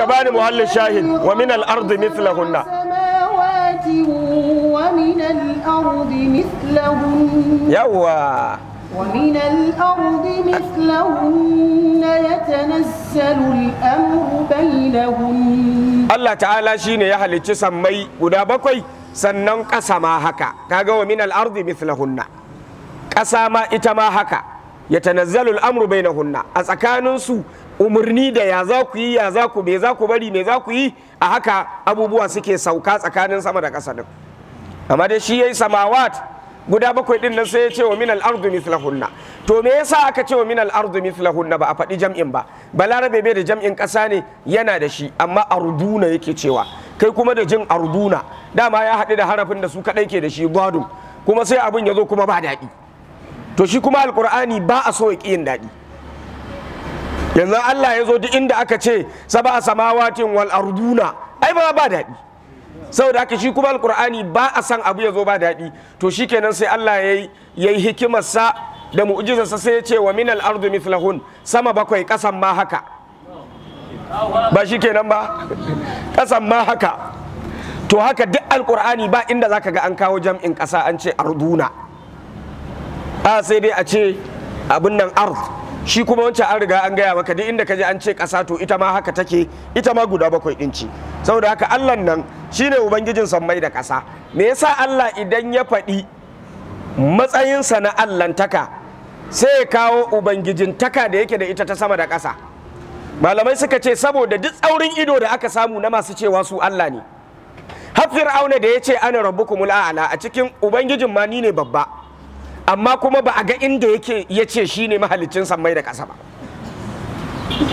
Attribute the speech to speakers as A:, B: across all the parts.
A: ka bani muhallin shahin. wa min al-ardi mithlahunna yawwa ومن
B: الأرض مثلهن يتنسل الأمر بينهن
A: الله تعالى شيني يا هل تسمي ودا بكوي sannan ƙasa ma haka ga wa min al mithlahunna ƙasa ma ita ma haka ya tanazzalu al-amru bainahunna a tsakaninsu umarni da ya za ku yi ya za ku me za ku bari me za ku yi a haka abubuwa suke sauka tsakanin sama da ƙasa din amma dai shi yayi samawat guda bakwai din nan sai ya ce wa min al-ardu mithlahunna to me yasa aka ce wa min al-ardu mithlahunna ba a faɗi jam'in ba balarabe bai da jam'in ƙasa ne yana da shi amma arduna yake cewa kai kuma da jin arduna dama ya haɗu da harafin da su kaɗai ke da shi gwadum kuma sai abun ya zo kuma ba daɗi to shi kuma alƙur'ani ba a so ya ƙi yin daɗi yanzu Allah ya zo duk inda aka ce saba samawatin wal arduna ai ba ba daɗi saboda haka shi kuma alkur'ani ba a san abu ya zo ba daɗi to shikenan sai Allah ya yi hikimarsa da mu'jizarsa sai ya ce wa min al ardu mithlahun sama bakwai kasan ma haka ba shikenan ba kasan ma haka to haka duk alkur'ani ba inda zaka ga an kawo jam'in ƙasa an ce arduna a sai dai a ce abin nan ardu shi kuma wancan an riga an gaya maka duk inda ka an ce ƙasa to ita ma haka take ita ma guda bakwai inci saboda haka Allah nan shine ubangijin sammai da ƙasa me yasa Allah idan ya faɗi matsayinsa na Allahntaka sai ya kawo ubangijin taka da yake da ita ta sama da ƙasa malamai suka ce saboda duk tsaurin ido da aka samu na masu cewa su Allah ne har fir'auna da ya ce ana rabbukumul a'la a cikin ubangijin ma ni ne babba amma kuma ba a ga inda yake ya ce shi ne mahalicin sammai da ƙasa ba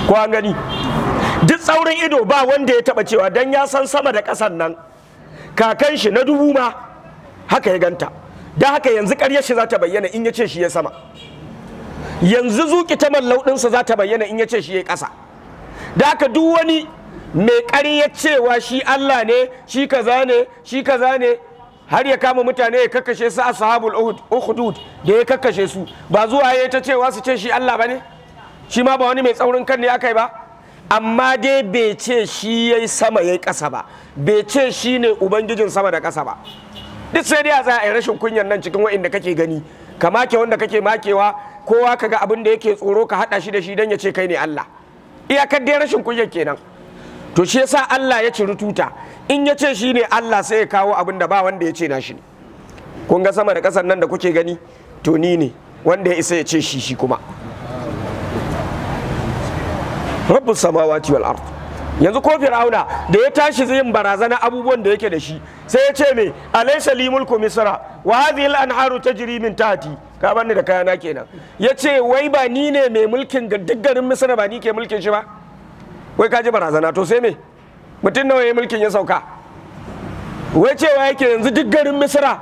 A: ko gani duk tsaurin ido ba wanda ya taɓa cewa don ya san sama da ƙasan nan kakan shi na dubu ma haka ya ganta don haka yanzu ƙaryar shi za ta bayyana in ya ce shi ya sama yanzu zuƙi ta mallau ɗinsa za ta bayyana in ya ce shi ya ƙasa da haka duk wani mai karya cewa shi Allah ne shi kaza ne shi kaza ne har ya kama mutane ya kakkashe su ashabul uhudud da ya kakkashe su ba zuwa ya ta cewa su ce shi Allah ba ne? shi ma ba wani mai tsaurin kan ne aka akai ba amma dai bai ce shi yayi sama yayi kasa ba bai ce shi ne ubangijin sama da kasa ba duk sai dai a tsaya a rashin kunyan nan cikin wa'inda kake gani ka make wanda kake makewa kowa ka ga abin da yake tsoro ka hada shi da shi dan ya ce kai ne Allah iyakar dai rashin kunyan kenan to shi yasa Allah ya ci rututa. in ya ce shi ne Allah sai ya kawo abin da ba wanda ya ce na shi ne kun ga sama da ƙasar nan da kuke gani to ni ne wanda ya isa ya ce shi shi kuma rabbul samawati wal ard yanzu ko fir'auna da ya tashi yin barazana abubuwan da yake da shi sai ya ce me alaysa li mulku misra wa hadhihi al anharu tajri min tahti ka bani da kayana kenan ya ce wai ba ni ne mai mulkin duk garin misra ba ni ke mulkin shi ba wai ka ji barazana to sai me mutum nawa ya mulkin ya sauka wai cewa yake yanzu duk garin misira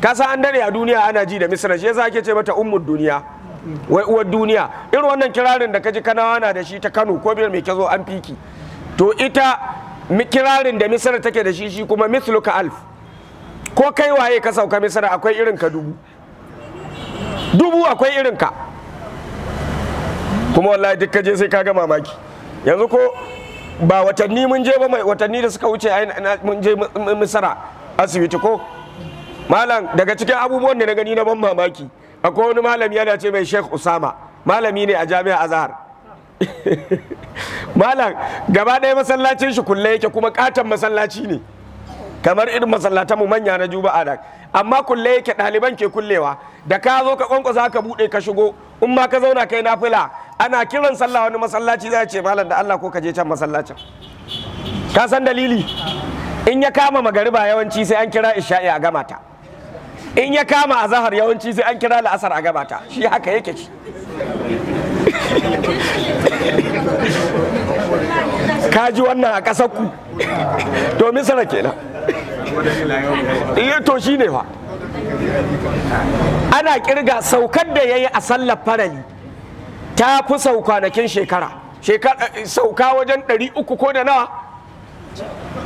A: kasa an dare a duniya ana ji da misira shi yasa ake ce mata ummud duniya wai uwar duniya irin wannan kirarin da kaji kanawa na da shi ta kano ko biyar mai kyazo an fiki to ita kirarin da misira take da shi shi kuma ka alf ko kai waye ka sauka misira akwai irin ka dubu dubu akwai irin ka kuma wallahi duk kaje sai ka ga mamaki yanzu ko ba watanni mun je ba mai watanni da suka wuce mun je misara asibiti ko malam daga cikin abubuwan da na gani na ban mamaki akwai wani malami yana ce mai sheikh usama malami ne a jami'a azhar malam gaba ɗaya masallacin shi kulle yake kuma katon masallaci ne kamar irin masallatan mu manya na a da amma kulle yake ɗaliban ke kullewa da ka zo ka kwankwasa ka buɗe ka shigo in ma ka zauna kai nafila ana kiran sallah wani masallaci zai ce malam da Allah ko ka je can masallacin ka san dalili in ya kama magariba yawanci sai an kira isha'i a gama ta in ya kama azahar yawanci sai an kira la'asar a gama ta shi haka yake shi kaji wannan a ƙasar ku to misira kenan iya eh, to shi ne fa ana kirga saukar da ya yi a sallar farali ta fi sau kwanakin shekara eh, sauka wajen 300 ko da nawa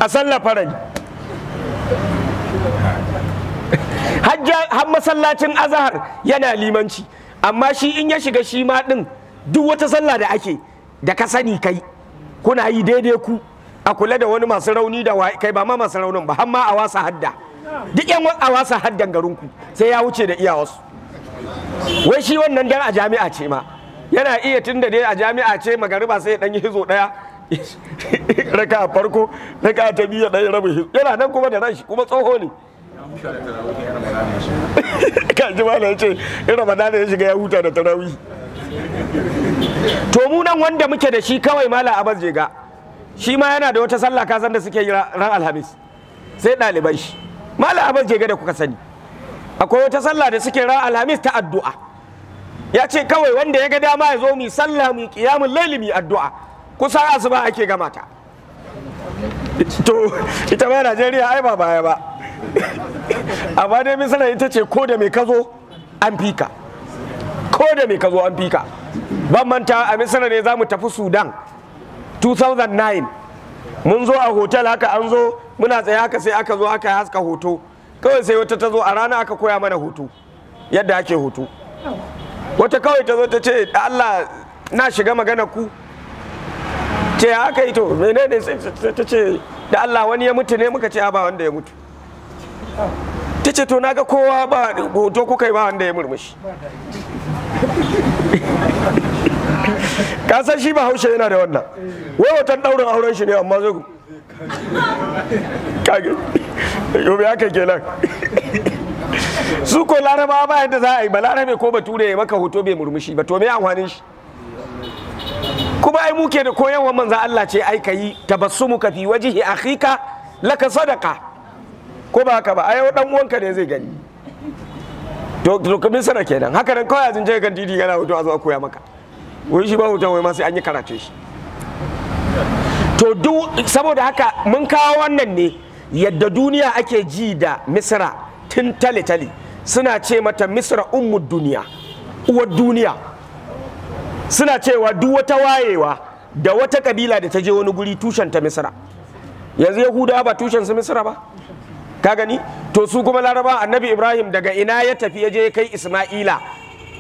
A: a sallar farali har masallacin azahar yana limanci amma shi in ya shiga shi ma din duk wata sallah da ake da ka sani kai kuna yi daidai ku a kula da wani masu rauni da wa kai ba ma masu raunin ba Hamma a wasa hadda duk yan a wasa haddan garinku sai ya wuce da iyawarsu wai shi wannan dan a jami'a ce ma yana iya tun da dai a jami'a ce magariba sai ɗan dan yi hizo daya raka farko raka ta biyu ya dan rabin hizo yana nan kuma da ranshi kuma tsoho ne Ka ji malam ce in ramadana ya shiga ya huta da tarawih to mu nan wanda muke da shi kawai mala abaz je ga shi ma yana da wata sallah kasan da suke yi ran alhamis sai ɗaliban shi malam abbas ke da kuka sani akwai wata sallah da suke ran alhamis ta addu'a ya ce kawai wanda ya ga dama ya zo mu sallah mu kiyamun laili mu addu'a kusa asuba ake gama ta to ita ma najeriya ai ba baya ba amma dai misira ita ce ko da mai kazo an fika ko da mai kazo an fika ban manta a misira ne za mu tafi sudan 2009 mun zo a hotel haka an zo muna tsaye haka sai aka zo aka haska hoto kawai sai wata ta zo a rana aka koya mana hoto yadda ake hoto wata kawai ta zo ta ce da Allah na shiga magana ku ce haka yi to menene ta ce da Allah wani ya mutu ne muka ce ba wanda ya mutu ta ce to naga kowa ba hoto kuka yi ba wanda ya murmushi ka san shi ba haushe yana da wannan wai watan daurin auren shi ne amma zai kage yobe ya kai kenan su ko laraba ba yadda za a yi ba larabe ko bature ya maka hoto bai murmushi ba to me amfanin shi kuma ai muke da koyarwa manzan Allah ce ai kayi tabassumu ka fi wajihi akhika laka sadaka ko ba haka ba ai dan uwanka ne zai gani to to kamin sana kenan haka nan kawai azin je kan didi yana hoto a zo a koya maka wai shi ba hutan wai ma sai an yi karatu shi to duk saboda haka mun kawo wannan ne yadda duniya ake ji da misra tun tale-tale suna ce mata misra ummu duniya uwar duniya suna cewa duk wata wayewa da wata kabila da ta je wani guri tushen ta misra yanzu yahudawa ba tushen su misra ba ka gani to su kuma laraba annabi ibrahim daga ina ya tafi ya je kai isma'ila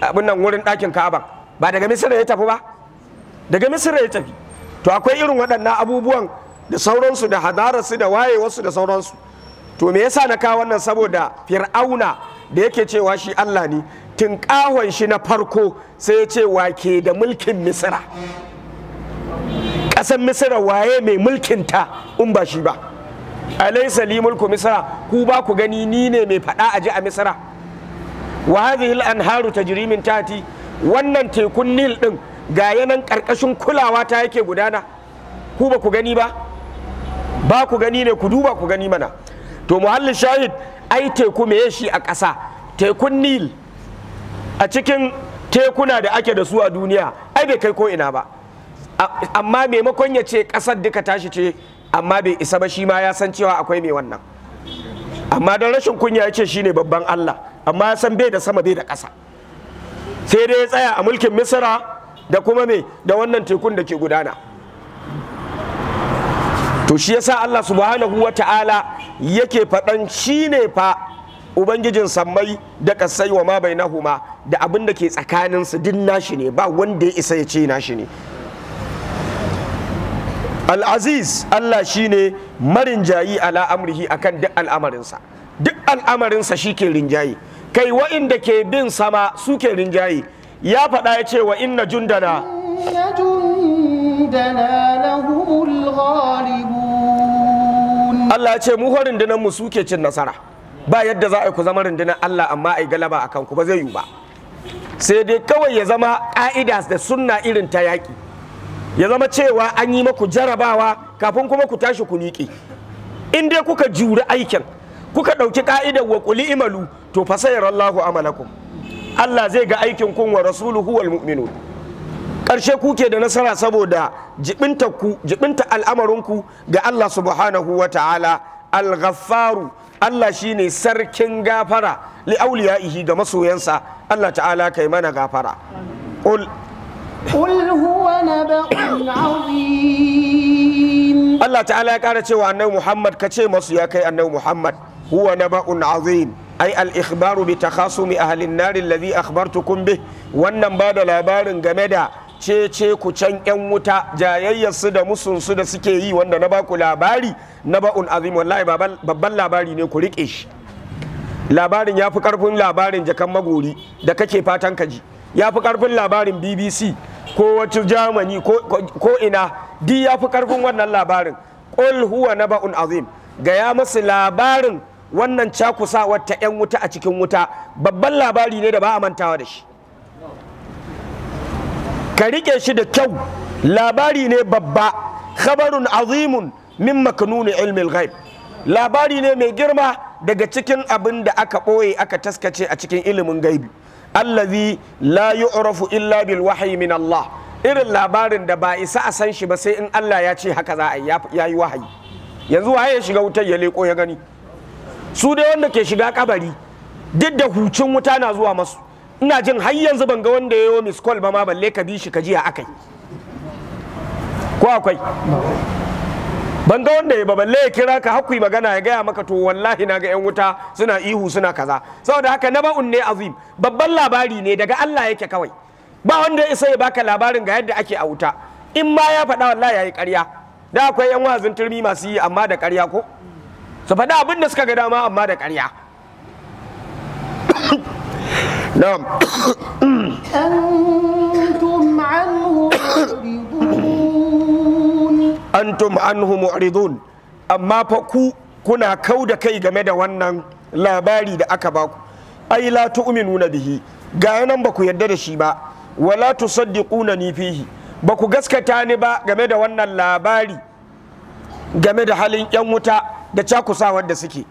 A: abin nan wurin ɗakin ka'aba ba daga misira ya tafi ba daga misira ya tafi to akwai irin waɗannan abubuwan da sauransu da hadararsu da wayewarsu da sauransu to me yasa na kawo wannan saboda fir'auna da yake cewa shi Allah ne tunƙahon shi na farko sai ya ce wake da mulkin misira ƙasar misira waye mai mulkin ta in ba shi ba alai li mulku misira ku ba ku gani ni ne mai faɗa ji a misira wa hadhihi al-anharu tajri min tati wannan tekun nil ɗin ga yanan karkashin kulawa ta yake gudana ku ba ku gani ba ba ku gani ne ku duba ku gani mana to muhallin shahid ai teku me shi a ƙasa tekun nil a cikin tekuna da ake da su a duniya ai bai kai ko ina ba amma maimakon ya ce ƙasar duka tashi ce amma bai isa ba shi ma ya san cewa akwai mai wannan amma don rashin kunya ya ce shine babban allah amma ya san bai da sama bai da ƙasa sai dai ya tsaya a mulkin misra da kuma me da wannan tekun da ke gudana to shi yasa Allah subhanahu wa ta'ala yake faɗan shi ne fa ubangijin sammai da kasai wa ma nahuma da abin da ke tsakaninsu duk nashi ne ba wanda ya isa ya ce nashi ne al'aziz Allah shi ne marinjayi ala amrihi akan duk al'amarinsa duk al'amarinsa shi ke rinjayi kai wa'inda ke bin sama suke rinjaye ya faɗa ya ce wa inna jundana Allah ya ce mu rundunar mu suke cin nasara ba yadda za a ku zama rindunan Allah amma a yi galaba a kanku ba zai yiwu ba sai dai kawai ya zama ƙa'ida da sunna irin ta yaƙi ya zama cewa an yi maku jarabawa kafin kuma ku tashi ku niƙe in dai kuka juri aikin kuka ɗauki ƙa'idar wa ƙuli imalu to fa sayarallahu amalakum Allah zai ga aikin kun wa rasuluhu wal mu'minun karshe kuke da nasara saboda jibinta ku jibinta ku ga Allah subhanahu wa ta'ala al ghaffar Allah shine sarkin gafara li auliya'ihi ga masoyansa Allah ta'ala kai mana gafara qul
B: قل هو نبأ عظيم
A: الله تعالى ya kara cewa annabi Muhammad kace masu ya kai annabi Muhammad huwa naba'un azim ai al-ikhbaru bi takhasumi ahli an-nar alladhi akhbartukum bih wannan ba da labarin game da cece ku can yan wuta jayayyar da musunsu da suke yi wanda na baku labari na ba'un azim wallahi babban labari ne ku rike shi labarin ya fi karfin labarin jakan magori da kake fatan ka ji ya fi karfin labarin bbc ko wata jamani ko ina di ya fi karfin wannan labarin ƙul huwa na ba'un azim ga ya masu labarin wannan cakusawar wata 'yan wuta a cikin wuta babban labari ne da ba a mantawa da shi ka riƙe shi da kyau labari ne babba khabarun azimun min maknuni ilmin ghaib labari ne mai girma daga cikin abin da aka ɓoye aka taskace a cikin ilimin gaibi allazi la yu'rafu illa bil wahyi min Allah irin labarin da ba isa a san shi ba sai in Allah ya ce haka za a yi ya yi wahayi yanzu waye ya shiga wutar ya leko ya gani su dai wanda ke shiga kabari duk da hucin wuta na zuwa masu ina jin har yanzu ban ga wanda ya yi miss call ba ma balle ka bi shi ka ji a akai ko akwai ban ga wanda ya balle ya kira ka hakuri magana ya gaya maka to wallahi na ga yan wuta suna ihu suna kaza saboda haka na ba'un ne azim babban labari ne daga Allah yake kawai ba wanda ya isa ya baka labarin ga yadda ake a wuta in ma ya faɗa wallahi yi ƙarya da akwai yan wazin turmi masu yi amma da ƙarya ko su faɗi abin da suka ga dama amma da ƙarya antum anhu mu'ridun amma fa ku kuna kau da kai game da wannan labari da aka baku ai la tu'minuna bihi ga nan ba ku yarda da shi ba wala tusaddiquna ni fihi ba ku gaskata ni ba game da wannan labari game da halin yan wuta da cakusawar da suke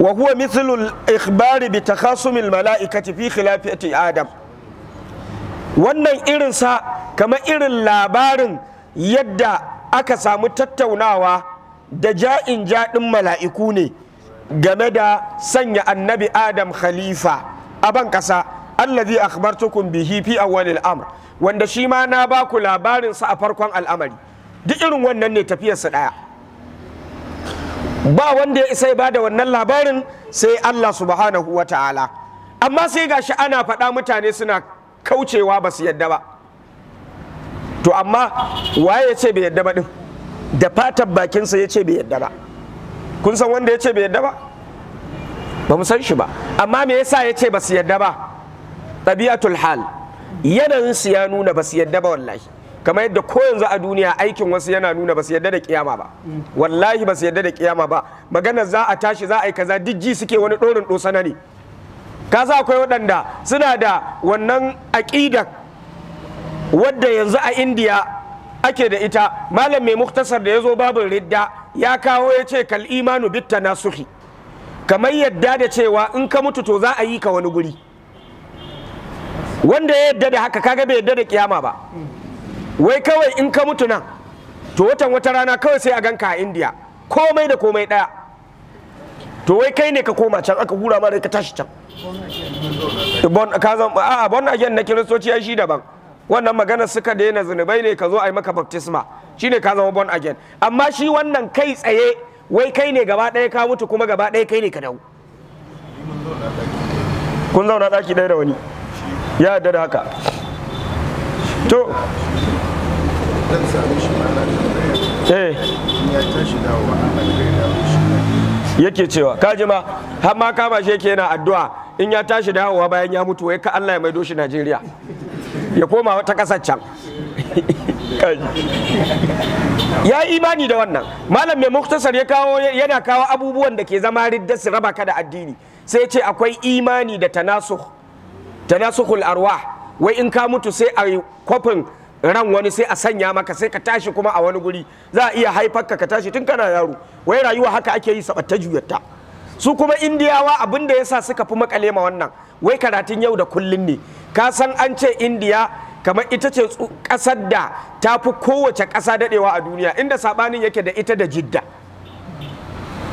A: wa huwa mithlul ikhbari bi takhasumil mala'ikati fi khilafati adam wannan irinsa kamar irin labarin yadda aka samu tattaunawa da ja'in jaɗin mala'iku ne game da sanya annabi adam khalifa a ban ƙasa allazi akhbartukum bihi fi awwalil amr wanda shi ma na baku labarinsa a farkon al'amari duk irin wannan ne tafiyarsa ɗaya ba wanda ya isa ya bada wannan labarin sai Allah subhanahu wa ta'ala amma sai gashi ana faɗa mutane suna kaucewa ba su yadda ba to amma waye ya ce bai yadda ba din da fatan bakinsa ya ce bai yadda ba kun san wanda ya ce bai yadda ba ba mu san shi ba amma me yasa ya ce ba su yadda ba tabiatul hal yanayinsu ya nuna ba su yadda ba wallahi kamar yadda ko yanzu a duniya aikin wasu yana nuna ba su yadda da kiyama ba wallahi basu su yadda da kiyama ba magana za a tashi za a yi kaza duk ji suke wani dorin dosana ne ka sa akwai waɗanda suna da wannan aƙidan wadda yanzu a indiya ake da ita malam mai muktasar da ya zo babin ridda ya kawo ya ce kal imanu bitta nasuhi kamar yadda da cewa in ka mutu to za a yi ka wani guri wanda ya yadda da haka kaga bai yadda da kiyama ba wai kawai in ka mutu nan to watan wata rana kawai sai a ganka a indiya komai da komai ɗaya to wai kai ne ka koma can aka hura ma da ka tashi can a bon again na kiristoci ya shi daban wannan maganar suka daina zunubai ne ka zo a yi maka baptisma ne ka zama bon again amma shi wannan kai tsaye wai kai ne gaba ɗaya ka mutu kuma gaba ɗaya kai ne ka dawo kun zauna ɗaki ɗaya da wani ya yarda da haka to Eh. yake cewa kaji ma har ma kama shi yake yana addu'a in ya tashi dawowa bayan ya mutu wai ka Allah ya maido shi Najeriya ya koma wata kasar can ya imani da wannan malam mai muktasar ya kawo yana kawo abubuwan da ke zama riddar su raba ka da addini sai ce akwai imani da tanasuh tanasuhul arwah wai in ka mutu sai a kwafin ran wani sai a sanya maka sai ka tashi kuma a wani guri za a iya haifar ka ka tashi tun kana yaro wai rayuwa haka ake yi sabatta juyatta su kuma indiyawa abin da yasa suka fi makale ma wannan wai karatun yau da kullun ne ka san an ce indiya kamar ita ce kasar da ta fi kowace ƙasa daɗewa a duniya inda sabanin yake da ita da jidda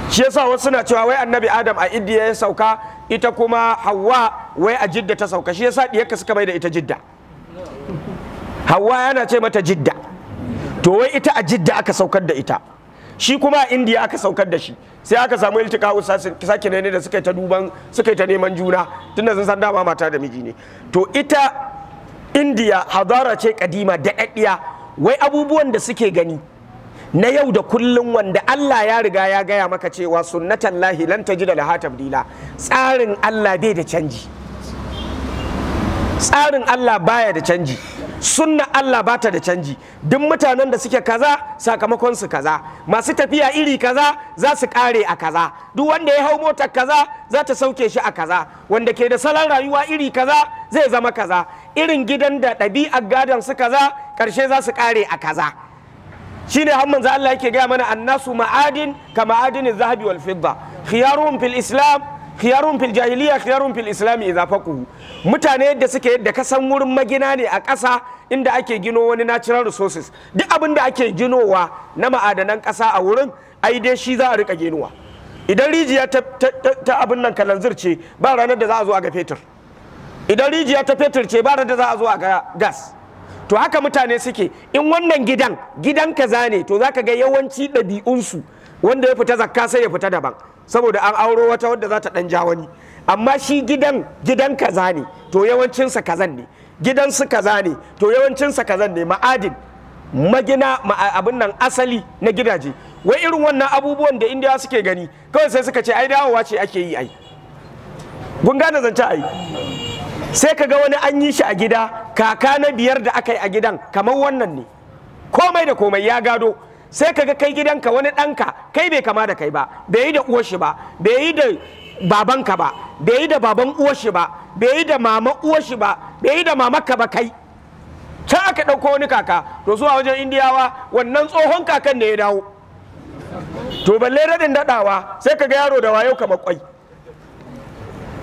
A: shi yasa wasu na cewa wai annabi adam a indiya ya sauka ita kuma hawa wai a jidda ta sauka shi yasa diyarka suka bai da ita jidda hawa yana ce mata jidda to wai ita a jidda aka saukar da ita shi kuma a indiya aka saukar da shi sai aka samu iltika sake ne da suka yi ta duban suka yi ta neman juna tunda da san dama mata da miji ne to ita indiya hadara ce kadima da ɗaɗɗiya wai abubuwan da suke gani na yau da kullum wanda Allah ya riga ya gaya maka cewa sunnatan lahi lan ji da laha tabdila tsarin Allah bai da canji tsarin Allah baya da canji sunna Allah bata da canji duk mutanen da suke kaza sakamakon su kaza masu tafiya iri kaza za su kare a kaza duk wanda ya hau motar kaza za ta sauke shi a kaza wanda ke da salon rayuwa iri kaza zai zama kaza irin gidan da ɗabi'ar gadon su kaza karshe za su kare a kaza Shi ne har manzo Allah yake gaya mana annasu ma'adin ka ma'adinin zahabi wal fidda khiyaruhum fil islam khiyarun fil jahiliya khiyarun fil islami idza faqahu mutane yadda suke yadda ka san wurin magina ne a ƙasa inda ake gino wani natural resources duk abin da ake ginowa na ma'adanan ƙasa a wurin ai dai shi za a rika ginowa idan rijiya ta, abin nan kalanzir ce ba ranar da za a zo a ga fetur idan rijiya ta fetur ce ba ranar da za a zo a ga gas to haka mutane suke in wannan gidan gidan kaza ne to zaka ga yawanci ɗabi'unsu wanda ya fita zakka sai ya fita daban saboda an auro wata wadda za ta dan ja wani amma shi gidan gidan kaza ne to yawancinsa kazan ne gidan su kaza ne to yawancinsa kazan ne ma'adin magina ma abin nan asali na gidaje wai irin wannan abubuwan da indiya suke gani kawai sai suka ce ai dawowa ce ake yi ai kun gane zance ai sai ka ga wani an yi shi a gida kaka na biyar da aka yi a gidan kamar wannan ne komai da komai ya gado sai ka ga kai gidanka wani ɗanka kai bai kama da kai ba bai yi da uwa shi ba bai yi da babanka ba bai yi da baban uwa shi ba bai yi da mama uwa shi ba bai yi da mamaka ba kai can aka ɗauko wani kaka to zuwa wajen indiyawa wannan tsohon kakan ne ya dawo to balle raɗin daɗawa sai kaga yaro da wayo kamar kwai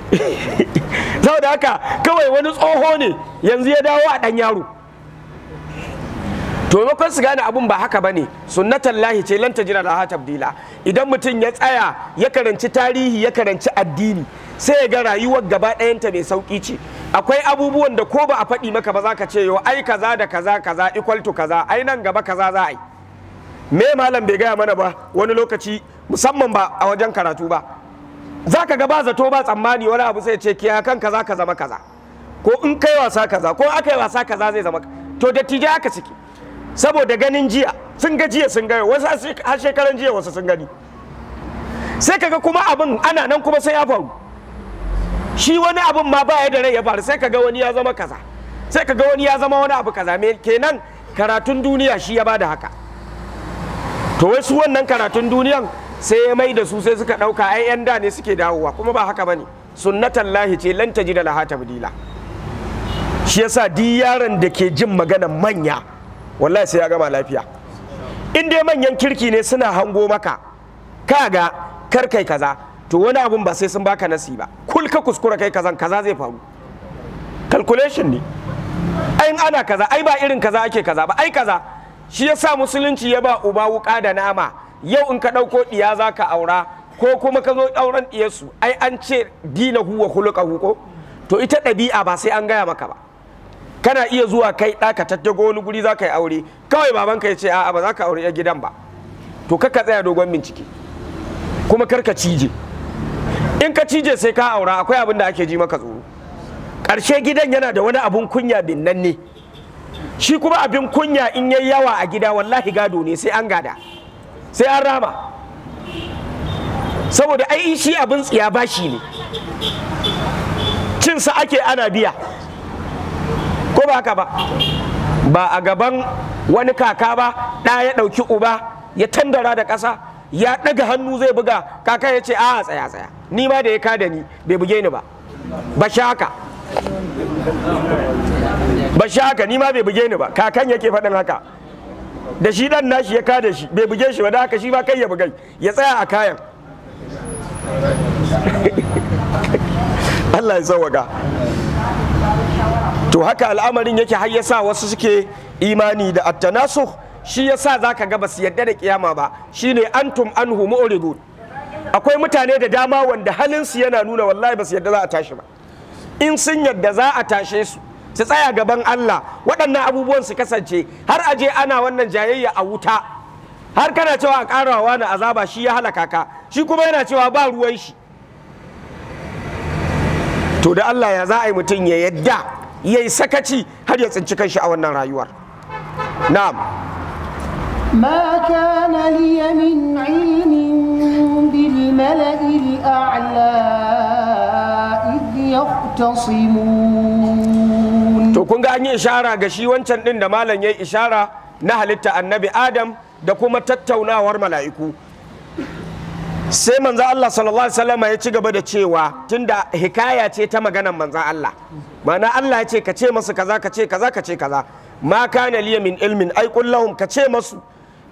A: saboda haka kawai wani tsoho ne yanzu ya dawo a ɗan yaro to makon su gane abun ba haka bane sunnatan lahi ce lan tajira laha tabdila idan mutum ya tsaya ya karanci tarihi ya karanci addini sai ya ga rayuwar gaba ɗayanta mai sauƙi ce akwai abubuwan da ko ba a faɗi maka ba za ka ce yau ai kaza da kaza kaza equal to kaza ai nan gaba kaza za a yi me malam bai gaya mana ba wani lokaci musamman ba a wajen karatu ba za ka gaba zato ba tsammani wani abu sai ce kiya kan kaza ka zama kaza ko in kai wasa kaza ko aka yi wasa kaza zai zama to dattijai aka ciki saboda ganin jiya sun ga jiya sun gani wasu a shekaran jiya wasu sun gani sai kaga kuma abin ana nan kuma sai ya faru shi wani abin ma baya da rai ya faru sai kaga wani ya zama kaza sai kaga wani ya zama wani abu kaza me kenan karatun duniya shi ya bada haka to wai su wannan karatun duniyan sai ya mai da su sai suka dauka ai yan da ne suke dawowa kuma ba haka bane sunnatan lahi ce lan tajida laha tabdila shi yasa di yaron da ke jin maganar manya wallahi sai ya gama lafiya in dai manyan kirki ne suna hango maka kaga kar kai kaza to wani abun ba sai sun baka nasi ba kul ka kuskura kai kazan kaza zai faru calculation ne ai ana kaza ai ba irin kaza ake kaza ba ai kaza shi yasa musulunci ya ba uba wuka da nama yau in ka dauko diya zaka aura ko kuma ka zo auren diyarsu ai an ce dinahu wa khuluqahu ko to ita ɗabi'a ba sai an gaya maka ba kana iya zuwa kai ɗaka ko wani guri za ka yi aure kawai babanka ya ce a'a ba za ka aure ya gidan ba to ka tsaya dogon bincike kuma kar ka cije in ka cije sai ka aura akwai abin da ake ji maka tsoro ƙarshe gidan yana da wani abin kunya nan ne shi kuma abin kunya in yayi yawa a gida wallahi gado ne sai an gada sai an rama saboda ai shi abin tsiya bashi ne cin sa ake ana biya ba haka ba ba a gaban wani kaka ba ɗa ya ɗauki uba ya tandara da ƙasa ya ɗaga hannu zai buga kaka ya ce a ah, tsaya tsaya ni ma da ya ka da ni bai buge ni ba ba shaka ba shaka ni ma bai buge ni ba kakan yake faɗin haka da shi ɗan nashi ya kada shi bai buge shi ba da haka shi ma kai ya bugai ya tsaya a kayan Allah ya sauwaka to haka al'amarin yake har yasa wasu suke imani da attanasu shi yasa zaka ga basu yadda da kiyama ba shine antum anhu mu'ridun akwai mutane da dama wanda halin su yana nuna wallahi basu yadda za a tashi ba in sun yadda za a tashe su su tsaya gaban Allah waɗannan abubuwan su kasance har aje ana wannan jayayya a wuta har kana cewa a karawa na azaba shi ya halaka ka shi kuma yana cewa ba ruwan shi to da Allah ya za a yi mutum ya yadda ya yi sakaci har ya tsinci kanshi a wannan rayuwar na'am
B: ما كان لي من علم بالملئ الأعلى إذ يختصمون to kun ga
A: an yi ishara ga shi wancan din da malam yayi ishara na halitta annabi Adam da kuma tattaunawar mala'iku sai manzo Allah sallallahu alaihi wasallam ya ci gaba da cewa tunda hikaya ce ta maganar manzo Allah ma'ana Allah ya ce ka ce masa kaza ka ce kaza ka ce kaza ma kana liya min ilmin ai kullahum ka ce masu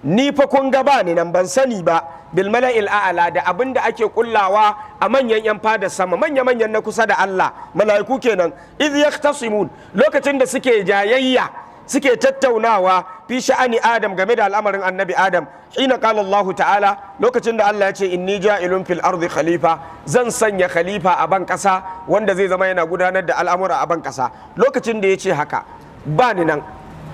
A: ni fa kun ga ba ni nan ban sani ba bil mala'il a'la da abin da ake kullawa a manyan yan fada sama manya manyan na kusa da Allah mala'iku kenan iz yaktasimun lokacin da suke jayayya suke tattaunawa fi sha'ani adam game da al'amarin annabi adam hina qala Allah ta'ala lokacin da Allah ya ce inni ja'ilun fil ardi khalifa zan sanya khalifa a ban kasa wanda zai zama yana gudanar da al'amura a ban kasa lokacin da ya ce haka ba ni nan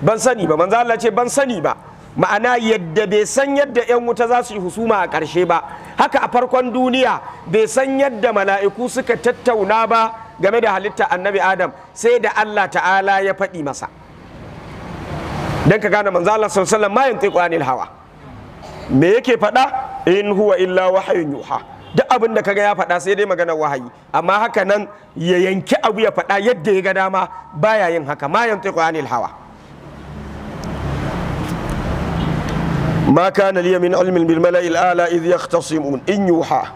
A: ban sani ba manzo Allah ce ban sani ba ma'ana yadda bai san yadda 'yan wuta za su yi husuma a ƙarshe ba haka a farkon duniya bai san yadda mala'iku suka tattauna ba game da halitta annabi adam sai da Allah ta'ala ya faɗi masa dan ka gane manzo Allah sallallahu alaihi wasallam ma yantiqu hawa me yake fada in huwa illa wahyun yuha duk abin da kaga ya fada sai dai maganar wahayi amma haka nan ya yanki abu ya faɗa yadda ya ga dama baya yin haka ma yantiqu anil hawa kana liya min من bil mala'il a'la إذ yahtasimun in yuha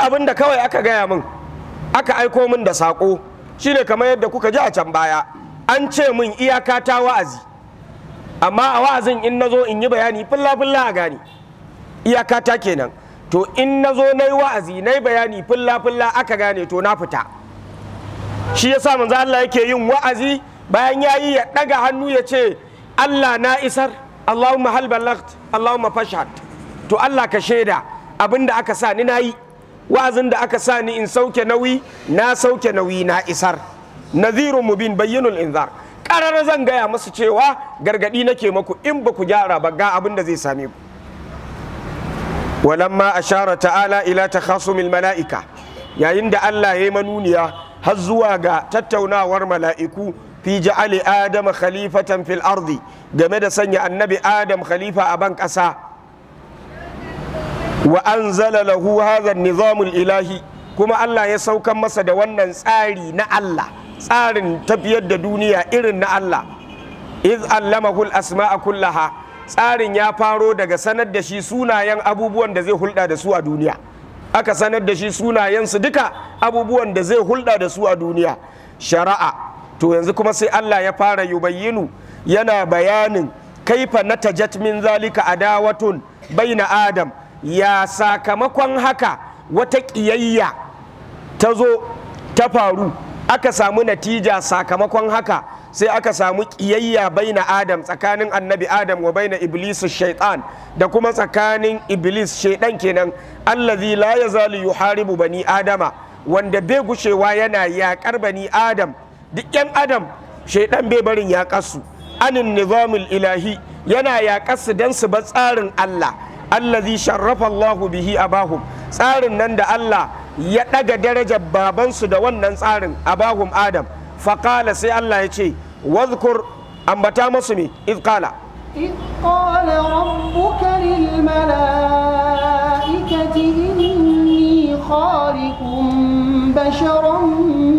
A: abin da kawai aka gaya min aka aiko min da saƙo shine kamar yadda kuka ji a can baya an ce min iyaka ta wa'azi amma a wa'azin in na in yi bayani filla-filla a gani iyaka ta kenan to in na na yi wa'azi na yi bayani filla-filla aka gane to na fita shi ya sa manzo Allah yake yin wa'azi bayan ya yi ya ɗaga hannu ya ce Allah na isar Allahumma hal ballagt Allahumma fashat to Allah ka shaida abinda aka sa ni na yi wa'azin da aka sa ni in sauke nauyi na sauke nauyi na isar Nazirun mubin bayyinul inzar karar zan gaya musu cewa gargadi nake maku in ba ku gyara ba ga abin da zai same ku walamma ashara ta'ala ila takhasumil mala'ika yayin da Allah ya yi manuniya har zuwa ga tattaunawar mala'iku fi ja'ali adama khalifatan fil ardi game da sanya annabi adam khalifa a ban ƙasa wa lahu hadha nizamul ilahi kuma Allah ya saukan masa da wannan tsari na Allah tsarin tafiyar da duniya irin na Allah iz allamahul asma'a kullaha tsarin ya faro daga sanar da shi sunayen abubuwan da zai hulɗa da su a duniya aka sanar da shi sunayensu duka abubuwan da zai hulɗa da su a duniya shari'a to yanzu kuma sai Allah ya fara yubayyinu yana bayanin kaifa natajat min zalika adawatun baina adam ya sakamakon haka wata ƙiyayya ta zo ta faru aka samu natija sakamakon haka sai aka samu ƙiyayya baina adam tsakanin annabi adam wa baina iblis shaitan da kuma tsakanin iblis shaitan kenan allazi la yazalu yuharibu bani adama wanda bai gushewa yana yaƙar bani adam duk yan adam shaitan bai barin yaƙarsu anin nizamul ilahi yana yaƙarsu dan su ba tsarin allah allazi sharrafa Allahu bihi abahum tsarin nan da Allah ya daga darajar babansu da wannan tsarin abahum Adam faqala sai Allah ya ce wazkur ambata masu me idh qala
B: idh qala rabbuka lil malaikati inni khaliqun basharan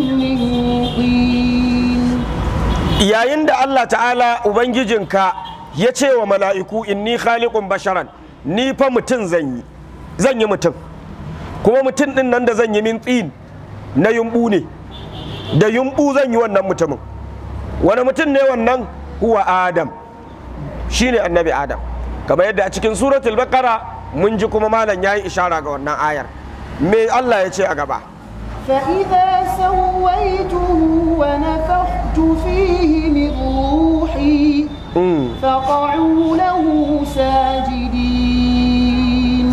A: yayin da Allah ta'ala ubangijinka ya ce wa mala'iku inni khaliqun basharan ni fa mutum zan yi zan yi mutum kuma mutum din nan da zan yi min tsin na yumbu ne da yumbu zan yi wannan mutumin wani mutum ne wannan huwa adam Shi ne annabi adam kamar yadda a cikin suratul baqara mun ji kuma malam yi ishara ga wannan ayar me Allah ya ce a gaba
B: فإذا سويته ونفخت فيه من روحي فقعوا له ساجدين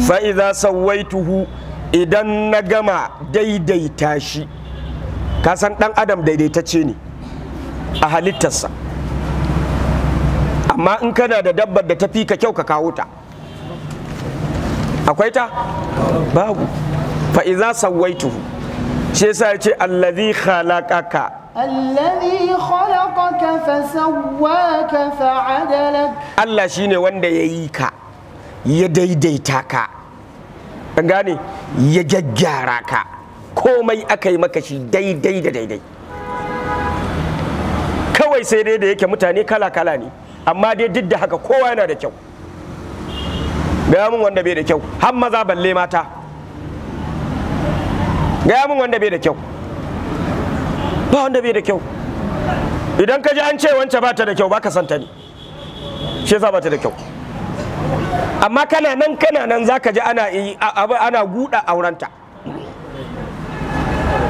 A: fa'iza sawaituhu idan na gama daidaita shi kasan ɗan adam daidaitacce ne a halittarsa amma in kana da dabbar da ta fi ka kyau ka kawo ta akwai ta babu fa'iza sawaituhu shi yasa ya ce allazi halakaka
B: allazi khalaqaka fasawwaka fa'adalak
A: Allah ne wanda ya yi ka ya daidaita ka ka gane ya gyaggyara ka komai aka yi maka shi daidai da daidai kawai sai dai da yake mutane kala-kala ne amma dai duk da haka kowa yana da kyau gaya min wanda bai da kyau har maza balle mata gaya min wanda bai da kyau ba wanda bai da kyau idan ka ji an ce wance ba ta da kyau ba ka santa ne shi yasa ba ta da kyau amma kana nan kana nan zaka ji ana ana guda aurenta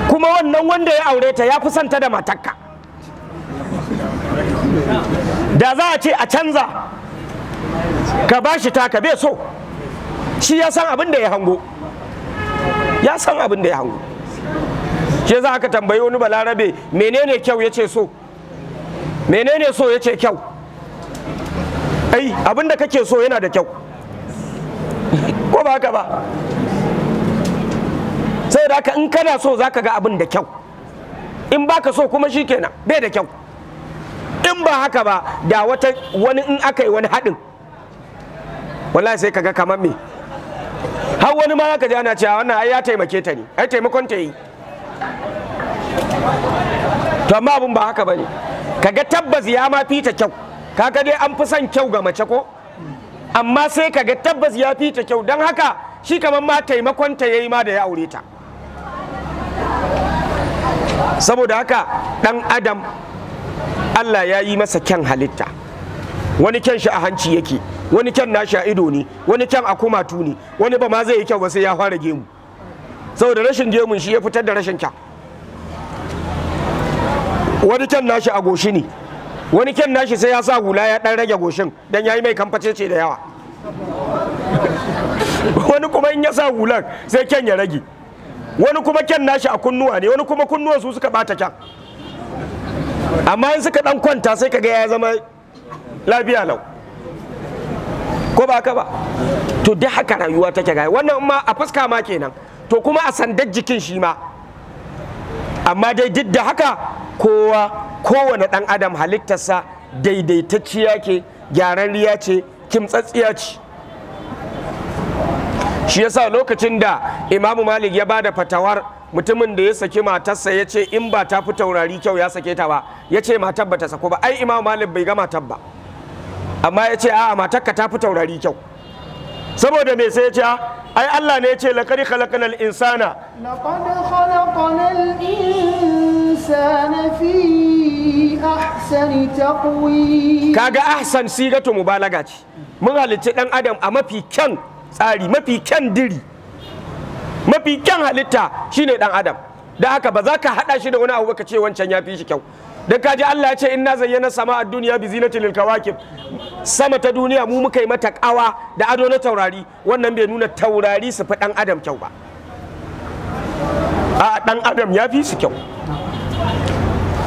A: kuma wannan wanda ya aure ta ya kusanta da matakka da za a ce a canza ka ba shi taka bai so shi ya san abin da ya hango ya san abin da ya hango ke za ka tambayi wani balarabe menene kyau ya ce so menene so ya ce kyau ai abin da kake so yana da kyau ba haka ba sai da haka in kana so ka ga abin da kyau in baka so kuma shi kenan bai da kyau in ba haka ba da wata wani in aka yi wani haɗin wallahi sai ga kamar me har wani ma ka ji ana cewa wannan ai ya taimake ta ne ai taimakon ta yi to amma abin ba haka bane kaga tabbas ya ma fita kyau kaga dai an fi son kyau ga mace ko amma sai kaga tabbas ya fi ta kyau don haka shi kamar ma taimakon ta yi ma da ya aure ta saboda haka dan adam Allah ya yi masa kyan halitta wani kyan shi a hanci yake wani kyan nashi a ido ne wani kyan a kumatu ne wani ba ma zai yi kyau ba sai ya fara gemu saboda rashin gemun shi ya fitar da rashin kyan wani kyan nashi a goshi ne wani kyan nashi sai ya sa hula ya dan rage goshin dan yayi mai kamfacece da yawa wani kuma in ya sa hulan sai kyan ya rage wani kuma kyan nashi a kunnuwa ne wani kuma kunnuwan su suka bata kyan amma in suka dan kwanta sai kaga ya zama lafiya lau ko ba ka ba to duk haka rayuwa take gaya wannan ma a fuska ma kenan to kuma a sandar jikin shi ma amma dai duk da haka kowa kowane ɗan adam halittarsa daidaitacciya ke riya ce kimtsatsiya ce shi yasa lokacin da imamu malik ya bada fatawar mutumin da ya saki matarsa ya ce in ba ta fi taurari kyau ya sake ta ba ya ce matar ba ta sako ba ai imamu malik bai ga matar ba amma ya ce a'a matarka ta fi taurari kyau saboda mai sai ce ai Allah ne ya ce laqad khalaqnal insana
B: laqad khalaqnal insana fi ahsani taqwim
A: kaga ahsan sigatu mubalaga ce mun halicci dan adam a mafi kyan tsari mafi kyan diri mafi kyan halitta shine dan adam da haka ba za ka hada shi da wani abu ka ce wancan ya fi shi kyau dan kaji Allah ya ce inna zayyana sama duniya dunya bi zinati lil kawakib sama ta duniya mu muka yi mata kawa da ado na taurari wannan bai nuna taurari su fi dan adam kyau ba a dan adam ya fi su kyau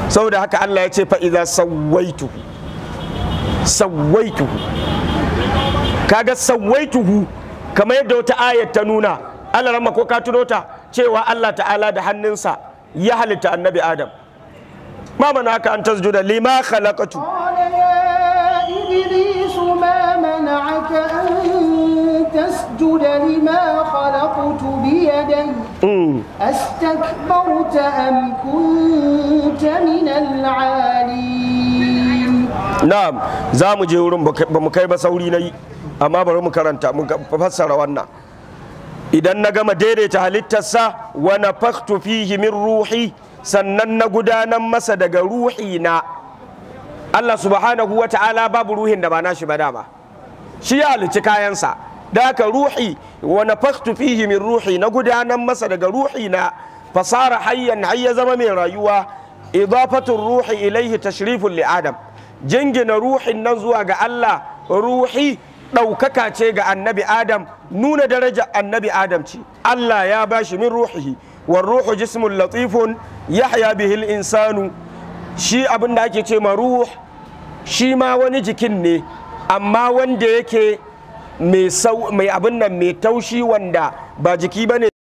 A: saboda haka Allah ya ce fa iza sawaitu sawaitu kaga sawaituhu kamar yadda wata ayat ta nuna Allah ramma ko ka tuno ta cewa Allah ta'ala da hannunsa ya halitta annabi Adam ma mana ka an tasjuda lima khalaqatu
B: hmm.
A: na'am za mu je wurin ba mu kai ba sauri na yi amma bari mu karanta mu fassara wannan idan na gama daidaita halittarsa wa na fihi min ruhi sannan na gudanar masa daga na Allah subhanahu wa ta'ala babu ruhin da ba nashi ba dama shi ya halici kayansa da aka ruhi wa nafaktu fihi min ruhi na gudanar masa daga ruhi na fasara hayyan hayya zama mai rayuwa idafatun ruhi ilaihi tashrifun li adam jingina ruhin nan zuwa ga Allah ruhi ɗaukaka ce ga annabi adam nuna daraja annabi adam ce Allah ya bashi min ruhihi war ruhu jismun latifun yahya bihil insanu shi abin da ake ce ma ruh shi ma wani jikin ne amma wanda yake mai abin nan mai taushi wanda ba jiki bane